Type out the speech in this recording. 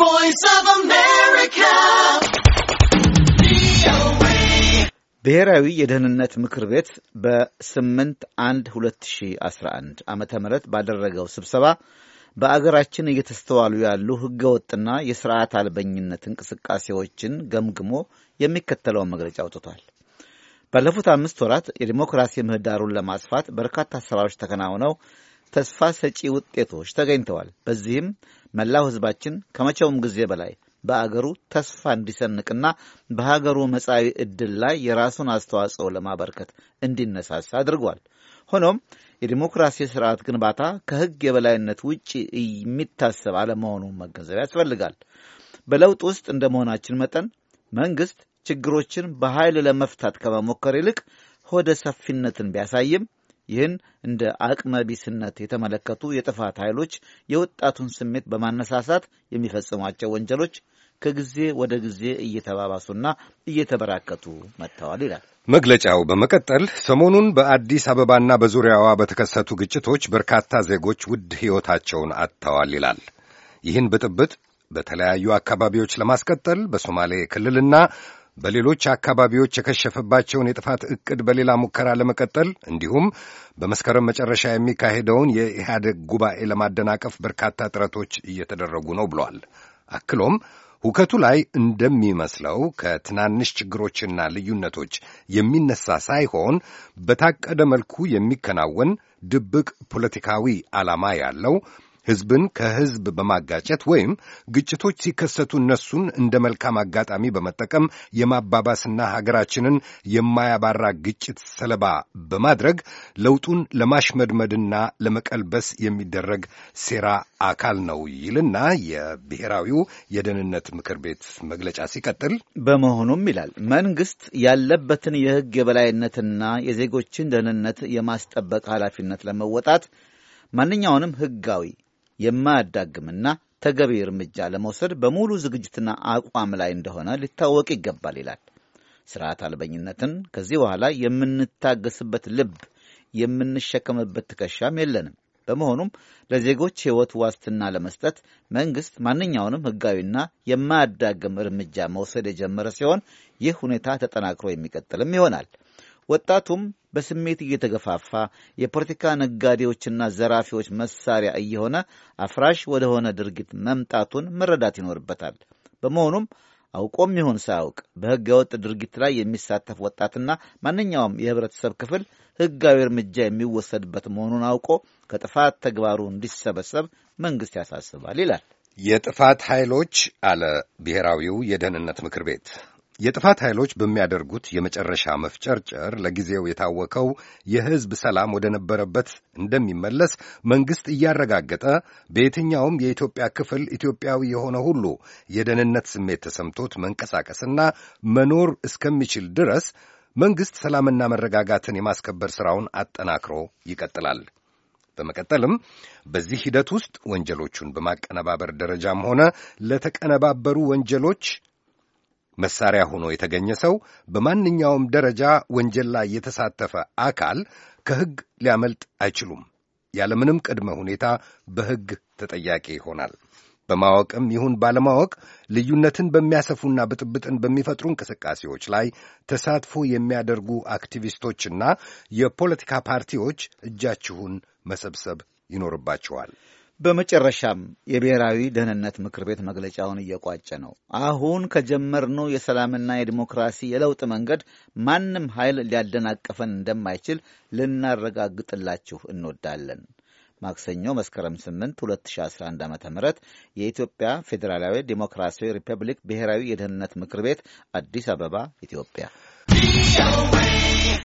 voice of America. ብሔራዊ የደህንነት ምክር ቤት በ8 1 2011 ዓ ም ባደረገው ስብሰባ በአገራችን እየተስተዋሉ ያሉ ህገወጥና የሥርዓት አልበኝነት እንቅስቃሴዎችን ገምግሞ የሚከተለውን መግለጫ አውጥቷል። ባለፉት አምስት ወራት የዲሞክራሲ ምህዳሩን ለማስፋት በርካታ ስራዎች ተከናውነው ተስፋ ሰጪ ውጤቶች ተገኝተዋል። በዚህም መላው ሕዝባችን ከመቼውም ጊዜ በላይ በአገሩ ተስፋ እንዲሰንቅና በሀገሩ መጻዊ ዕድል ላይ የራሱን አስተዋጽኦ ለማበርከት እንዲነሳሳ አድርጓል። ሆኖም የዲሞክራሲ ስርዓት ግንባታ ከሕግ የበላይነት ውጭ የሚታሰብ አለመሆኑን መገንዘብ ያስፈልጋል። በለውጥ ውስጥ እንደ መሆናችን መጠን መንግሥት ችግሮችን በኃይል ለመፍታት ከመሞከር ይልቅ ሆደ ሰፊነትን ቢያሳይም ይህን እንደ አቅመ ቢስነት የተመለከቱ የጥፋት ኃይሎች የወጣቱን ስሜት በማነሳሳት የሚፈጽሟቸው ወንጀሎች ከጊዜ ወደ ጊዜ እየተባባሱና እየተበራከቱ መጥተዋል ይላል መግለጫው። በመቀጠል ሰሞኑን በአዲስ አበባና በዙሪያዋ በተከሰቱ ግጭቶች በርካታ ዜጎች ውድ ሕይወታቸውን አጥተዋል ይላል። ይህን ብጥብጥ በተለያዩ አካባቢዎች ለማስቀጠል በሶማሌ ክልልና በሌሎች አካባቢዎች የከሸፈባቸውን የጥፋት እቅድ በሌላ ሙከራ ለመቀጠል እንዲሁም በመስከረም መጨረሻ የሚካሄደውን የኢህአደግ ጉባኤ ለማደናቀፍ በርካታ ጥረቶች እየተደረጉ ነው ብሏል። አክሎም ሁከቱ ላይ እንደሚመስለው ከትናንሽ ችግሮችና ልዩነቶች የሚነሳ ሳይሆን በታቀደ መልኩ የሚከናወን ድብቅ ፖለቲካዊ ዓላማ ያለው ሕዝብን ከሕዝብ በማጋጨት ወይም ግጭቶች ሲከሰቱ እነሱን እንደ መልካም አጋጣሚ በመጠቀም የማባባስና ሀገራችንን የማያባራ ግጭት ሰለባ በማድረግ ለውጡን ለማሽመድመድና ለመቀልበስ የሚደረግ ሴራ አካል ነው ይልና የብሔራዊው የደህንነት ምክር ቤት መግለጫ ሲቀጥል፣ በመሆኑም ይላል መንግስት ያለበትን የሕግ የበላይነትና የዜጎችን ደህንነት የማስጠበቅ ኃላፊነት ለመወጣት ማንኛውንም ህጋዊ የማያዳግምና ተገቢ እርምጃ ለመውሰድ በሙሉ ዝግጅትና አቋም ላይ እንደሆነ ሊታወቅ ይገባል ይላል። ስርዓት አልበኝነትን ከዚህ በኋላ የምንታገስበት ልብ፣ የምንሸከምበት ትከሻም የለንም። በመሆኑም ለዜጎች ሕይወት ዋስትና ለመስጠት መንግሥት ማንኛውንም ሕጋዊና የማያዳግም እርምጃ መውሰድ የጀመረ ሲሆን ይህ ሁኔታ ተጠናክሮ የሚቀጥልም ይሆናል። ወጣቱም በስሜት እየተገፋፋ የፖለቲካ ነጋዴዎችና ዘራፊዎች መሳሪያ እየሆነ አፍራሽ ወደሆነ ድርጊት መምጣቱን መረዳት ይኖርበታል። በመሆኑም አውቆም ይሁን ሳያውቅ በሕገ ወጥ ድርጊት ላይ የሚሳተፍ ወጣትና ማንኛውም የህብረተሰብ ክፍል ሕጋዊ እርምጃ የሚወሰድበት መሆኑን አውቆ ከጥፋት ተግባሩ እንዲሰበሰብ መንግሥት ያሳስባል ይላል። የጥፋት ኃይሎች አለ ብሔራዊው የደህንነት ምክር ቤት የጥፋት ኃይሎች በሚያደርጉት የመጨረሻ መፍጨርጨር ለጊዜው የታወከው የሕዝብ ሰላም ወደ ነበረበት እንደሚመለስ መንግሥት እያረጋገጠ በየትኛውም የኢትዮጵያ ክፍል ኢትዮጵያዊ የሆነ ሁሉ የደህንነት ስሜት ተሰምቶት መንቀሳቀስና መኖር እስከሚችል ድረስ መንግሥት ሰላምና መረጋጋትን የማስከበር ሥራውን አጠናክሮ ይቀጥላል። በመቀጠልም በዚህ ሂደት ውስጥ ወንጀሎቹን በማቀነባበር ደረጃም ሆነ ለተቀነባበሩ ወንጀሎች መሳሪያ ሆኖ የተገኘ ሰው በማንኛውም ደረጃ ወንጀል ላይ የተሳተፈ አካል ከሕግ ሊያመልጥ አይችሉም። ያለምንም ቅድመ ሁኔታ በሕግ ተጠያቂ ይሆናል። በማወቅም ይሁን ባለማወቅ ልዩነትን በሚያሰፉና ብጥብጥን በሚፈጥሩ እንቅስቃሴዎች ላይ ተሳትፎ የሚያደርጉ አክቲቪስቶችና የፖለቲካ ፓርቲዎች እጃችሁን መሰብሰብ ይኖርባችኋል። በመጨረሻም የብሔራዊ ደህንነት ምክር ቤት መግለጫውን እየቋጨ ነው። አሁን ከጀመርነው የሰላምና የዲሞክራሲ የለውጥ መንገድ ማንም ኃይል ሊያደናቀፈን እንደማይችል ልናረጋግጥላችሁ እንወዳለን። ማክሰኞ መስከረም 8 2011 ዓ ም የኢትዮጵያ ፌዴራላዊ ዲሞክራሲያዊ ሪፐብሊክ ብሔራዊ የደህንነት ምክር ቤት አዲስ አበባ፣ ኢትዮጵያ